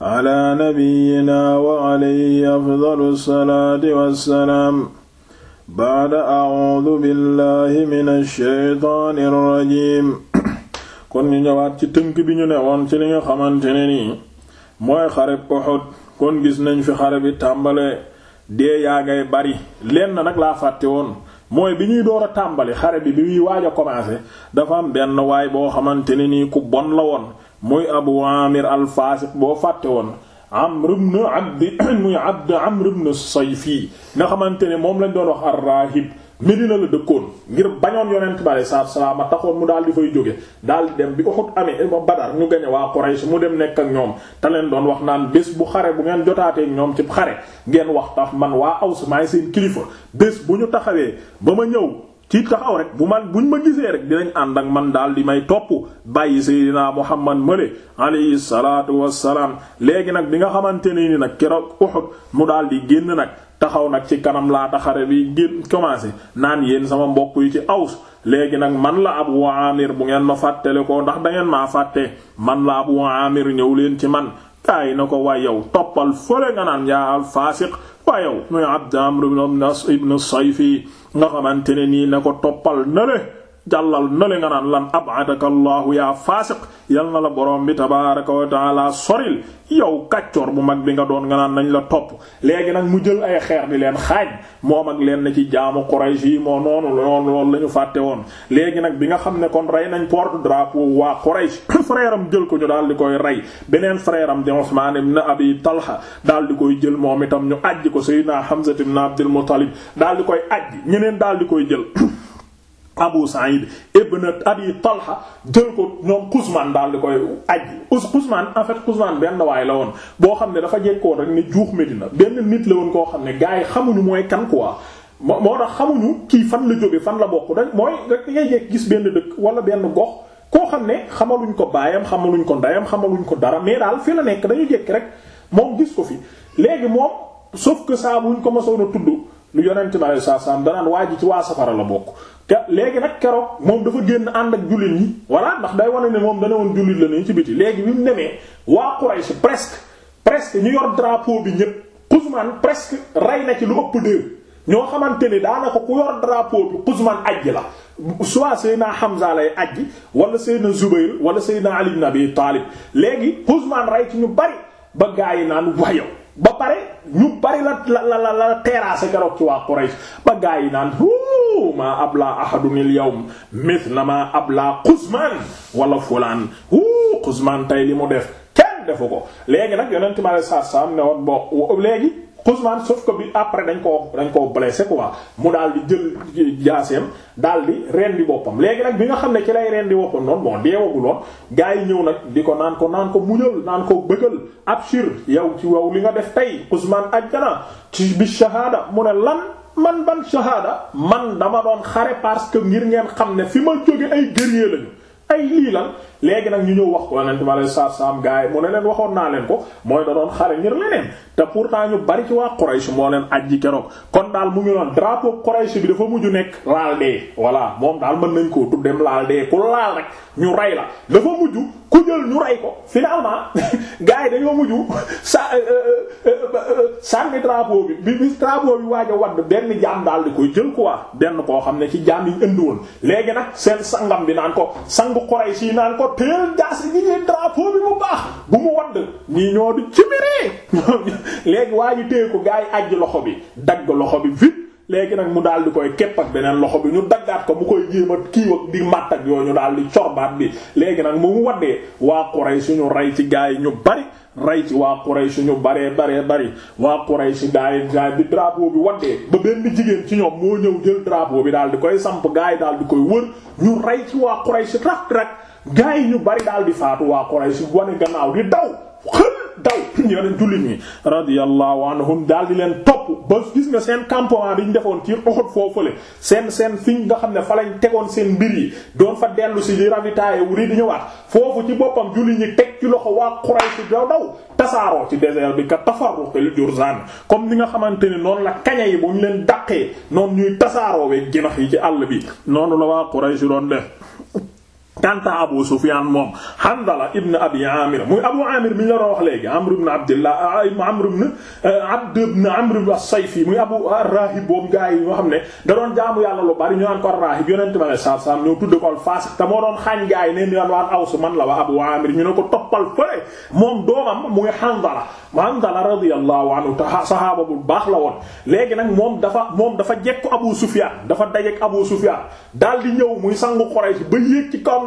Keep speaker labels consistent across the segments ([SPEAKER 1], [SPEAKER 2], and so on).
[SPEAKER 1] ala nabiyyina wa alayhi afdalu salaati wassalaam ba'da a'uudu billahi mina shaytaani rajiim kon ñu ñëwaat ci tënk bi ñu ne woon ci li nga xamante ne nii mooy xareb Uhud kon gis nañ fi xare bi tàmbale dee yaa ngay bari lenn nag laa fàtte woon mooy bi ñuy door a tàmbali xare bi bi muy waaj a dafa am benn waay boo xamante ne nii ku bon la woon muy abu amir alfaasiq boo fàtte woon amr ibn abdi muy abd amr ibn fii nga xamante ne moom lañ doon wax arrahib medina la dëkkoon ngir bañoon yonent bi alei salatuasalaam a taxoon mu daal di fay jóge dal di dem bi Uhud amee eh, ba Badar ñu gañe waa Quraysh mu dem nekk ak ñoom te leen doon wax naan bés bu xare bu ngeen jotaatee ñoom ci xare ngeen wax tax man waa Aws maay seen kilifa bés bu ñu taxawee ba ma ñëw ci taxaw rek bu man buñ ma gisee rek dinañ ànd ak man daal di may topp bàyyi seydinaa muhammad mële alayhi salaatu wassalaam léegi nag bi nga xamante ne nii nag keroog Uhud mu daal di génn nag taxaw nag ci kanam laa xare bi génn commencé naan yéen sama mbokk yi ci aws léegi nag man la Abu Amir bu ngeen ma fàttale ko ndax da ngeen maa fàttee man la Abu Amir ñëw leen ci man taay na ko waay yow toppal fële nga naan yaa al faasiq waay yow mooy abd amr ibn sayfi nga xamante ne nii na ko toppal na le jàllal nale nga naan lan ab'adaka allahu yaa faasiq yal na la borom bi tabaaraka wa taala soril yow kàccoor bu mag bi nga doon nga naan nañ la topp léegi nag mu jël ay xeer bi leen xaaj moom ak leen na ci jaamu Quraysh yi moo noonu loolu loolu la ñu fàtte woon léegi nag bi nga xam ne kon rey nañ porte drapeau waa Quraysh frère am jël ko ñu daal di koy rey beneen frère am di Usmaan ibn Abi talxa daal di koy jël moom itam ñu ajj ko Sayyidina Hamza ibn Abdul Muttalib daal di koy ajj ñeneen daal di koy jël Abu Sa'id ibn Abi Talha jël ko ñoom Quzman daal di koy aj Quzman en fait Quzman benn waay la woon boo xam ne dafa jekkoon rek ne juux Medina benn nit la woon koo xam ne gars yi xamuñu mooy kan quoi moo moo tax xamuñu kii fan la jóge fan la bokk da mooy rek ngay jekk gis benn dëkk wala benn gox koo xam ne xamaluñ ko baayam xamaluñ ko ndeyam xamaluñ ko dara mais daal fi la nekk dañu jekk rek moom gis ko fi léegi moom sauf que saa buñ ko mosoon a tudd lu yonent bi alayhi salaam danaan waa ji ci waa safara la bokk te léegi nag keroog moom dafa génn ànd ak jullit ñi voilà ndax day wane ne moom dana woon jullit la nii ci biti léegi bi mu demee waa Quraysh presque presque ñu yor drapeau bi ñépp Quzman presque rey na ci lu ëpp deux ñoo xamante ni daanaka ku yor drapeau bi Quzman ajj la soit Seydina Hamza lay ajji wala Seydina Zubayr wala Seydina Ali ibn Abi Talib léegi Quzman rey ci ñu bari ba gaa yi naan wayow ba pare ñu bari la la la la terrasse keroog ci waa Quraysh ba gaa yi naan hu ma abla ahadun al yawm mithla ma abla Quzman wala fulaan hu Quzman tey li mu def kenn defu ko léegi nag yonent mi sallallahu alayhi am ne woon bo léegi Ousmane sauf que bi après dañ koo dañ koo blessé quoi mu daal di jël jaaseem daal di ren rendi boppam léegi nag bi nga xam ne ci lay rendi boppam noonu bon deewaguloon gars yi ñëw nag di ko naan ko naan ko muñal naan ko bëggal abshir yow ci wow li nga def tey Ousmane ajjana ci bi shahada mu ne lan man ban shahada man dama doon xare parce que ngir ngeen xam ne fi ma jóge ay guerrier lañu ay lii lan léegi nag ñu ñëw wax ko yonent bi alayhi salaatu salaam gaa yi mu ne leen waxoon naa leen ko mooy da doon xare ngir leneen te pourtant ñu bari ci waa Quraysh moo leen ajji keroog kon daal mu ngi doon drapeau Quraysh bi dafa mujj nekk laal dee voilà moom daal mën nañ koo tuddeem laal dee ku laal rek ñu rey la dafa mujj ku jël ñu rey ko finalement gaa yi dañoo mujj sa euh, euh, euh, sànni drapeau bi bi bi drapeau bi waaj a wadd benn jaam daal di koy jël quoi benn koo xam ne ci jaam yi ñu indi woon léegi nag seen sangam bi naan ko sangu Quraysh yi naan ko non teel jaasi gi ngeen drapeau bi mu baax bu mu wadd ñii ñoo di ci léegi waa ñu téye ko gaa yi àjj loxo bi dagg loxo bi vite léegi nag mu daal di koy képp ak beneen loxo bi ñu daggaat ko mu koy jéem a kii ak di màtt ak yooyu ñu daal di corbaat bi léegi nag mu mu waddee waa Quraysh suñu rey ci gaa yi ñu bari rey ci waa Quraysh ñu baree baree bari waa Quraysh gaay gaay bi drapeau bi waddee ba benn jigéen ci ñoom moo ñëw jël drapeau bi daal di koy samp gaay daal di koy wër ñu rey ci waa Quraysh rak rak gaay ñu bari daal di faatu waa Quraysh wane gannaaw di daw xël daw yeneen jullit ñi radiyallahu anhum daal di leen topp ba gis nga seen campement bi ñu defoon ci Uhud foofule seen seen fiñ nga xam ne fa lañ tegoon seen mbir yi doon fa dellu si di ravitailler wu di ñëwaat foofu ci boppam jullit ñi teg ci loxo waa Quraysh daw daw tasaaroo ci désert bi ka tafarruqil jurzaan comme ni nga xamante ne noonu la kaña yi bu ñu leen daqee noonu ñuy tasaaroo weeg jinax yi ci àll bi noonu la waa Quraysh doon def kanta Abu Sufyan moom Handala ibn Abi Amir muy Abu Amir mi ñu wax léegi Amr ibn Abdillah ah, Amr eh, Abd sayfi muy Abu Rahib boobu gaa yi ñoo xam ne da doon jaamu yàlla lu bari ñu naan ko Rahib yonent ma ne saaf saaf ñoo tudd ko al te moo doon xaañ gaa yi ne ñu naan waa Aws man la waa Abu Amir ñu ne ko toppal fële moom doomam muy Handala Handala radiyallahu anhu ta sahaaba bu baax la woon léegi nag moom dafa moom dafa jekku Abu Sufyan dafa dajeek Abu Sufyan daal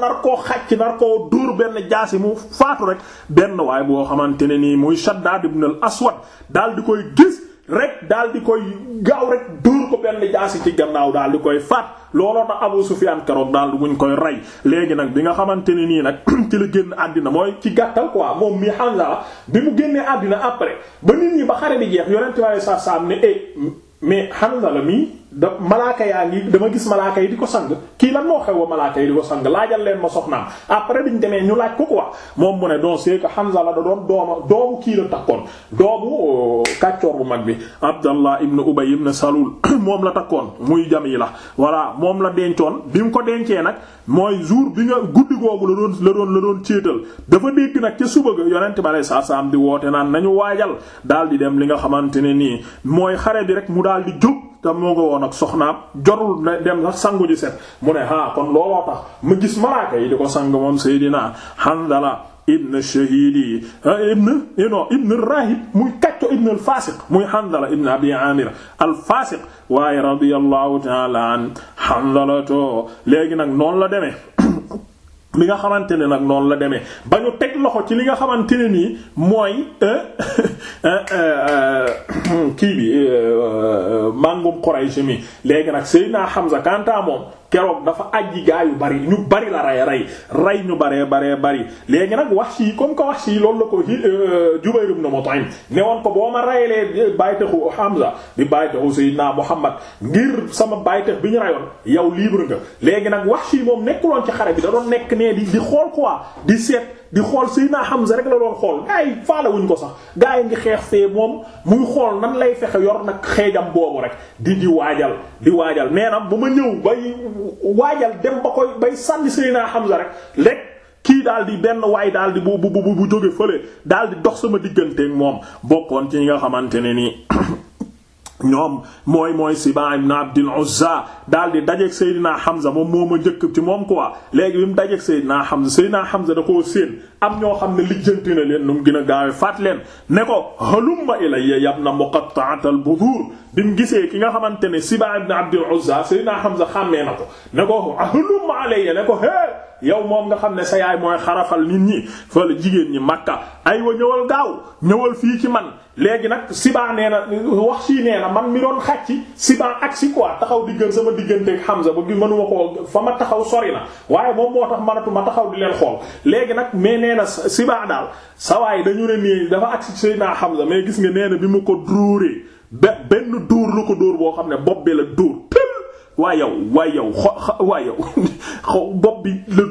[SPEAKER 1] nar koo xàcc nar koo dóor benn jaasi mu faatu rek benn waaye boo xamante ne nii muy Shaddad ibn al Aswad dal di koy gis rek daal di koy gaaw rek dóor ko benn jaasi ci gannaaw daal di koy faat looloo na Abu Sufyan keroog daal di guñ koy rey léegi nag bi nga xamante ne nii nag ci la génn àddina mooy ci gàttal quoi moom mi Hamza bi mu génnee àddina après ba nit ñi ba xare bi jeex yonent waaye sa saam ne eh, mais Hamza la mii da malaaka yaa dama gis malaaka yi di ko sang kii lan moo xew a malaaka yi di ko sang laajal leen ma soxnaam après biñ demee ñu laaj ko quoi moom mu ne donc c'est que Hamza la da doon dooma doomu kii la takkoon doomu euh, kàccoor bu mag bi Abdallah ibn Ubay ibn Salul moom la takkoon muy Jamila voilà moom la dencoon bi mu ko dencee nag mooy jour bi nga guddi googu la doon la doon la doon céetal dafa dégg nag ca suba ga yonent ba lay saa saam di woote naan nañu waajal dal di dem li nga xamante ne nii mooy xare bi rek mu daal di jóg te moo nga woon ak soxnaam jorul dem sax sangu ji set mu ne ah kon looloo tax ma gis malaaka yi di ko sang moom Seydina Handala ibn shahidi eh, ibn eh, non ibn rahib muy kacco ibn al muy handala ibn abi amir al waaye radiyallahu ta'ala an to léegi nag noonu la demee li nga xamante ne nag noonu la demee ba ñu teg loxo ci li nga xamante ne nii mooy euh, euh, euh, kii bi màngum Quraysh mi léegi nag Seydina Hamza Kanta moom keroog dafa ajji gaa yu bari ñu bari la rey rey rey ñu baree baree bari léegi nag wax yi comme que wax yi loolu la ko na ibn Mut'im ne woon ko boo ma reyalee baytaxu Hamza di baytaxu Seydina Muhammad ngir sama baytax bi ñu reyoon yow libre nga léegi nag wax moom nekkuloon ci xare bi da doon nekk ne mais di di xool quoi di seet di xool Seydina Hamza rek la doon xool gars yi wuñ ko sax gars yi ngi xeex fee moom muy xool nan lay fexe yor nag xeejam boobu rek di di waajal di waajal mais bu ma ñëw bay waajal dem ba koy bay sànni Seydina Hamza rek rek kii daal di benn waay daal di bu bu bu bu jóge fële daal di dox sama digganteeg moom bokkoon ci nga xamante ne nii. ñoom mooy mooy Siba ibn Abdul Uzza daal di dajeeg Seydina Hamza moom moo ma njëkk ci moom quoi léegi bi mu dajeeg Seydina Hamza Seydina Hamza da koo séen am ñoo xam ne lijjanti na leen nu mu gën a gaawe faat leen ne ko halumma ilayya yabna muqatta'at al-budur bi mu gisee ki nga xamante ne Siba ibn Abdul Uzza Seydina Hamza xàmmee na ko ne ko halumma ilayya hee yow moom nga xam ne sa yaay mooy xarafal nit ñi fële jigéen ñi makka aywa ñëwal gaaw ñëwal fii ci man léegi nag Siba nee wax sii nee na man mi doon xàcc Siba ak si quoi taxaw diggan sama diggante digganteeg Hamza ba gi mënuma koo fa ma taxaw sori na waaye moom moo tax manatu ma taxaw di leen xool léegi nag mais nee na Siba daal sa waaye dañu ne nii dafa agsi Seydina Hamza mais gis nga nee na bi mu ko dóoree ba benn dóor lu ko dóor boo xam ne bopp bi la waay yow waay yow xo waay yow xaw bopp bi la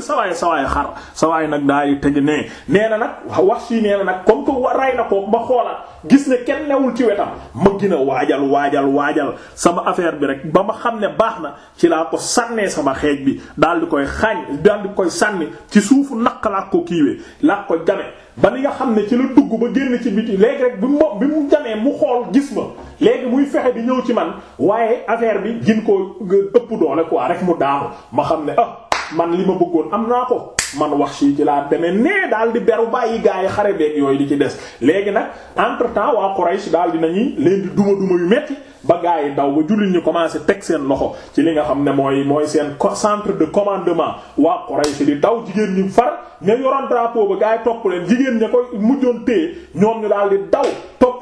[SPEAKER 1] sawaay sawaay xar sawaay nag daal daay tëj ne nee na nag wax sii nee nag comme que ray na ko ma xoolal gis ne kenn newul ci wetam ma gën waajal waajal waajal sama affaire bi rek ba ma xam ne baax na ci laa ko sama xeej bi daal di koy xaañ daal koy sànni ci suufu naq laa ko kiiwee laa ko jame ba ni nga xam ne ci la dugg ba génn ci biti léegi rek bi mu bi mu jamee mu xool gis ma léegi muy fexe di ñëw ci man waaye affaire bi gin koo ëpp doole quoi rek mu daanu ma xam ne ah man li ma bëggoon am naa ko man wax sii ci laa demee nee daal di beru bàyyi gaa yi xare beeg yooyu di ci des léegi nag entre temps waa Quraysh daal dinañuy leen di duma duma yu metti ba gaa yi daw ba jullit ñu commencé teg seen loxo ci li nga xam ne mooy mooy seen centre de commandement waa Quraysh di daw jigéen ñi far nga yoroon drapeau ba gaa yi topp leen jigéen ña koy mujjoon téye ñoom ñu daal di daw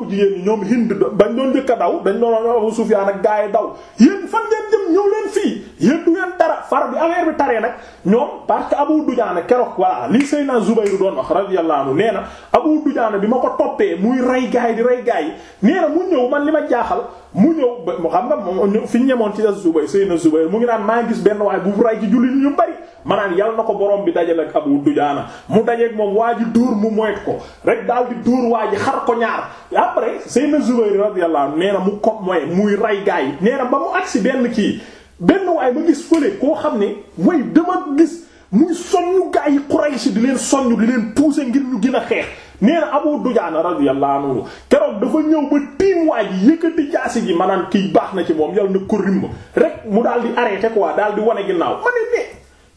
[SPEAKER 1] topp jigéen ñi ñoom Hind bañ doon njëkk daw dañ doon Abu Sufyaan ak gaa yi daw yéen fan ngeen jëm ñëw leen fii yéen du ngeen dara far bi affaire bi taree nag ñoom parce que Abu Dujaana keroog voilà lii Seydina Zubayru doon wax radiyallahu anhu nee na Abu Dujaana bi ma ko toppee muy rey gaa yi di rey gaa yi nee mu ñëw man li ma jaaxal mu ñëw ba mu xam nga moom fi ñu ñemoon ci Zubayr Seydina Zubayr mu ngi naan maa gis benn waaye bu ray ci jullit ñu bari ma naan yal na ko borom bi dajale ak Abu Dujaana mu dajeeg moom waa ji dóor mu moytu ko rek daal di dóor waa ji xar ko ñaar après Seydina Zubayr radiyallahu anhu nee na mu ko mooy muy ray gaa yi nee na ba mu agsi benn kii benn waaye ma gis fële koo xam ne way dama gis muy soññu gaa yi Quraysh di leen soññu di leen pousser ngir ñu gën a xeex nee na Abu Dujaana radiyallahu anhu keroog dafa ñëw ba tiim waa ji yëkkati jaasi ji manaan kii baax na ci moom yal na ko rimm rek mu daal di arrêté quoi daal di wane ginnaaw ma ne mais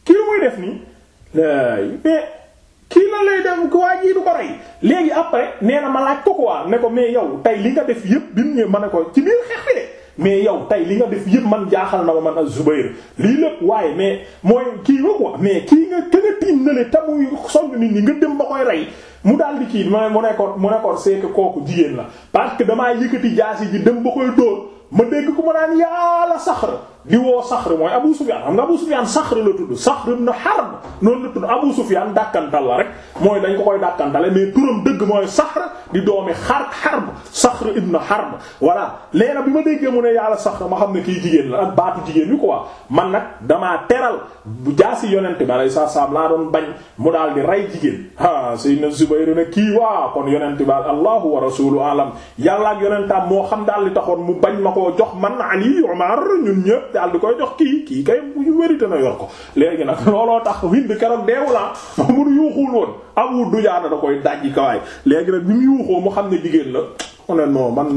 [SPEAKER 1] kii lu muy def nii kii la ko waa ji du léegi après nee na ma laaj ko quoi ne ko mais yow tey li nga def yëpp bi mu ñëwee ma ne ko ci biir xeex de. mais yow tey li nga def yëpp man jaaxal na ko man az-Zubayr lii lépp waaye mais mooy kii nga quoi mais kii nga gën a tiim na te muy sonn nit ñi nga dem ba koy mu daal di kii ma mu nekkoon mu nekkoon c'est que kooku jigéen la parce que damaa yëkkati jaasi ji dem ba koy dóor ma dégg ku ma naan yàlla saxra di woo Saxr mooy Abu Sufyan xam nga Abu Sufyan Saxr la tudd Saxr ibn Harb noonu la tudd Abu Sufyan dàkkantal la rek mooy dañ ko koy dàkkantale mais turam dëgg mooy Saxr di doomi xar Harb Saxr ibn Harb voilà léegi nag bi ma déggee mu ne yàlla Saxr ma xam ne kii jigéen la ak baatu jigéen ñi quoi man nag damaa teral bu jaasi yonent bi alayhi salaam laa doon bañ mu daal di rey jigéen ah Sayyidina Zubayr ne kii waa kon yonent bi Allahu wa rasuluhu alam yàlla ak yonentam moo xam daal li taxoon mu bañ ma koo jox man Ali Umar ñun ñëpp daal di koy jox kii kii kay wérité na yor ko léegi nag looloo tax wind keroog deewulan moom munu yuuxul woon du dujaana da koy dajji kawaay léegi nag bi mu yuuxoo mu xam ne jigéen la mu ne non man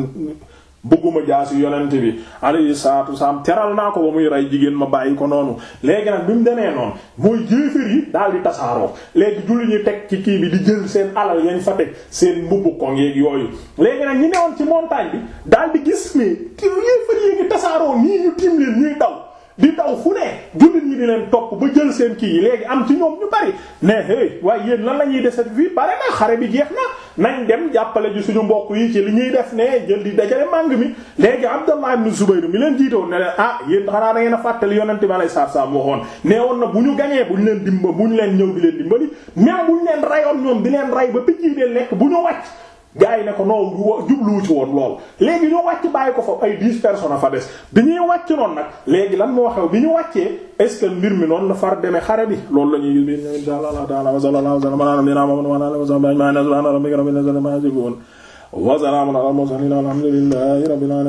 [SPEAKER 1] bëgguma jaasi yonent bi alayhi salaatu wasalaam teral naa ko ba muy rey jigéen ma bàyyi ko noonu léegi nag bi mu demee noonu mooy jéefér yi daal di tasaaroo léegi julli ñu teg ci kii bi di jël seen alal yañ fa teg seen mbubb ko ngeeg yooyu léegi nag ñi newoon ci montagne bi daal di gis ne yéefér yi ngi tasaaroo nii ñu tiim ñuy daw di daw fu ne jullit ñi di leen topp ba jël seen kii yi léegi am ci ñoom ñu bari ne hey waaye yéen lan la ñuy desati fii pare na xare bi jeex na nañ dem jàppale ji suñu mbokk yi ci li ñuy def ne jël di dajale màng mi léegi Abdallah ibn Zubayr mi leen jiitoon ne leen ah yéen xanaa da ngeen a fàttali yonente bi alayhi salaam waxoon nee woon na bu ñu gañee bu ñu leen dimba bu ñu leen ñëw di leen dimbali même bu ñu leen rayoon ñoom di leen ray ba picc y dee lekk bu ñu wàcc gars yi ne ko noonu jubluwu ci woon lool léegi ñu wàcc bàyyi ko fa ay dix a fa des bi ñuy wàcc noonu nag léegi lan moo xew bi ñu wàccee est mbir mi noonu la far demee xare bi loolu la ñuy bi insha Allah ta'ala wa sallallahu alayhi wa sallam